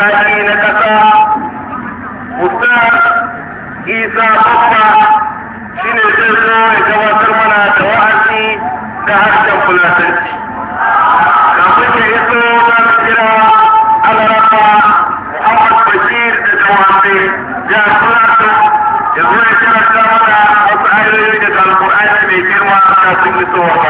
sa'i na ƙasa musa isa babba shine zai zo ya gabatar mana da wa'azi da harshen fulatanci kafin ya iso za mu kira alaraba muhammad bashir da jawabai ya fulata ya zo ya karanta mana wasu ayoyi daga alkur'ani mai girma kafin isowa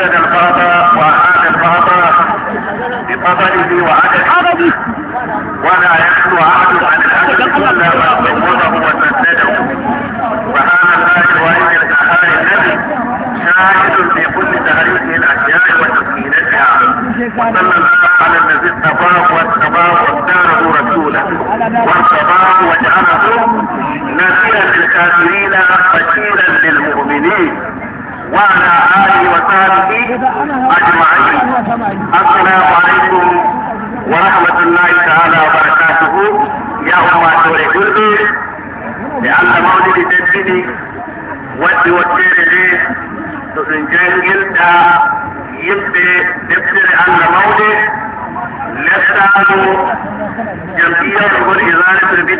وعدد القرطة وعدد القرطة بقبله وعدد ولا يخلو عبد عن العبد إلا ما صوره وسدده وهذا الله وإن الأخر النبي شاهد في كل تهريج الأشياء وتسكينتها وصلى الله على الذي اصطفاه واصطفاه واختاره رسولا وارتضاه وجعله نذيرا للكافرين بشيرا للمؤمنين وعلى آله وصحبه أجمعين السلام عليكم ورحمة الله تعالى وبركاته يا أمة سوري قلبي لأن مولد تجدي ودي وكيري لي تسنجين جلدا يبدي تبدي لأن مولد لسانه جمعية الإدارة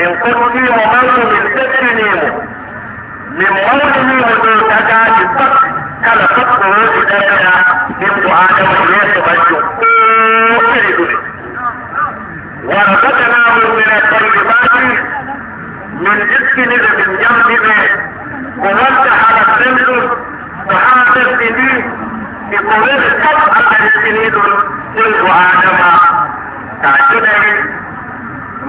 من قربي وموت من سكر نيمو من موت نيمو دو تجا جسد كلا سكر ووجه تجا نمت آدم إليه بجو كيري دوني ورزقناه من الطيبات من جسد نذر من جنبه ووجه على السمس فحاط السنين بقرر سبعة السنين تلك آدم تعجبه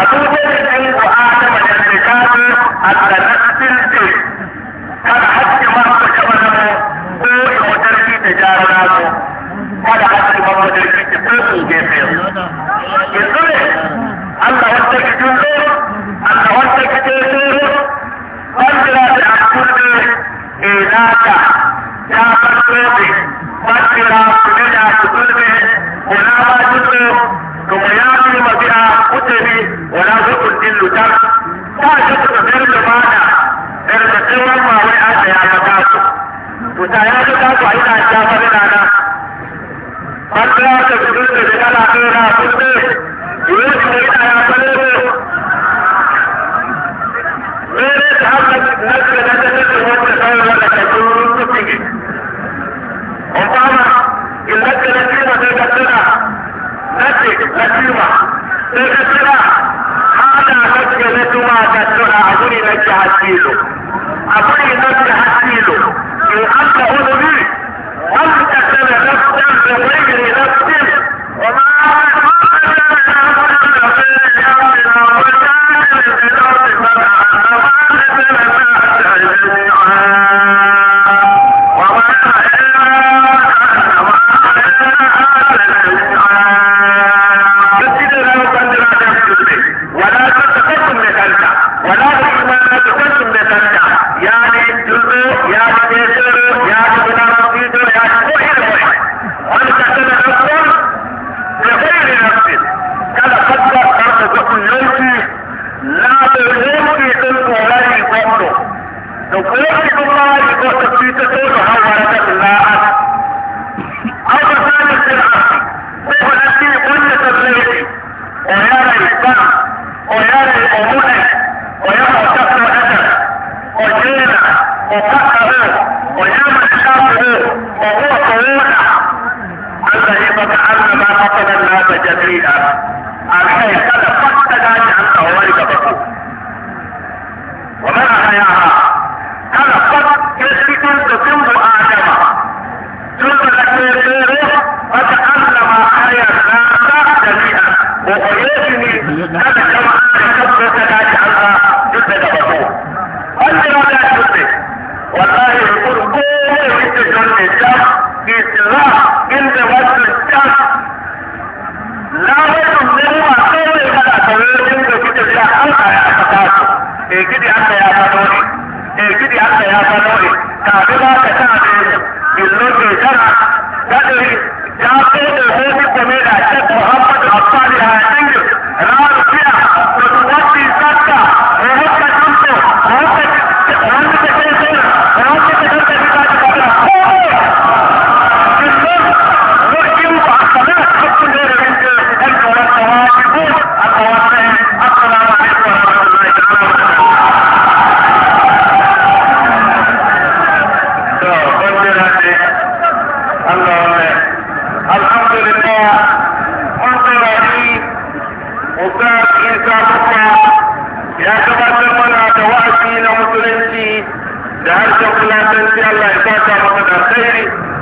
a Kuma ya kuturi wala zukun din lutar ta ga ta mayar da bada dar da tsawon ma wai a da ya mata su to ta ya ga ta ku a ina ta fara na ban da ta gudu da gumakansu a aguri na ke hasilu a guri na ke hasilu in an ka wani wanda ta da nafsan da wani nafsin تكون مهورة الماء أو تكون في الأرض تغلبي كل تبليغي ويرى الإسلام ويرى الأمور ويرى شخص أدب وجيل وفقه ويرى شخصه وهو قوله الذي تتعلم ما قتل الناس جميعا الحين قد فقد عن أولك kore su ne kada kama ana kafa ta tashi an ba duk da da farko an jira da ko wani wicce ta isra inda wasu ta labarin nuna kawai kada kawai yin da kuke ja an kaya a kasa su e gidi aka ya fado ne e gidi ya fado ne tafi ba ka ta ne illo ke tara gadari जाते जैसे कि तुम्हें राशद मोहम्मद अब्बास हासिंग राम किया प्रभुवत तीर्थक का बहुत का काम तो बहुत बहुत कठिन से बहुत कठिन से विकास कर रहा Allah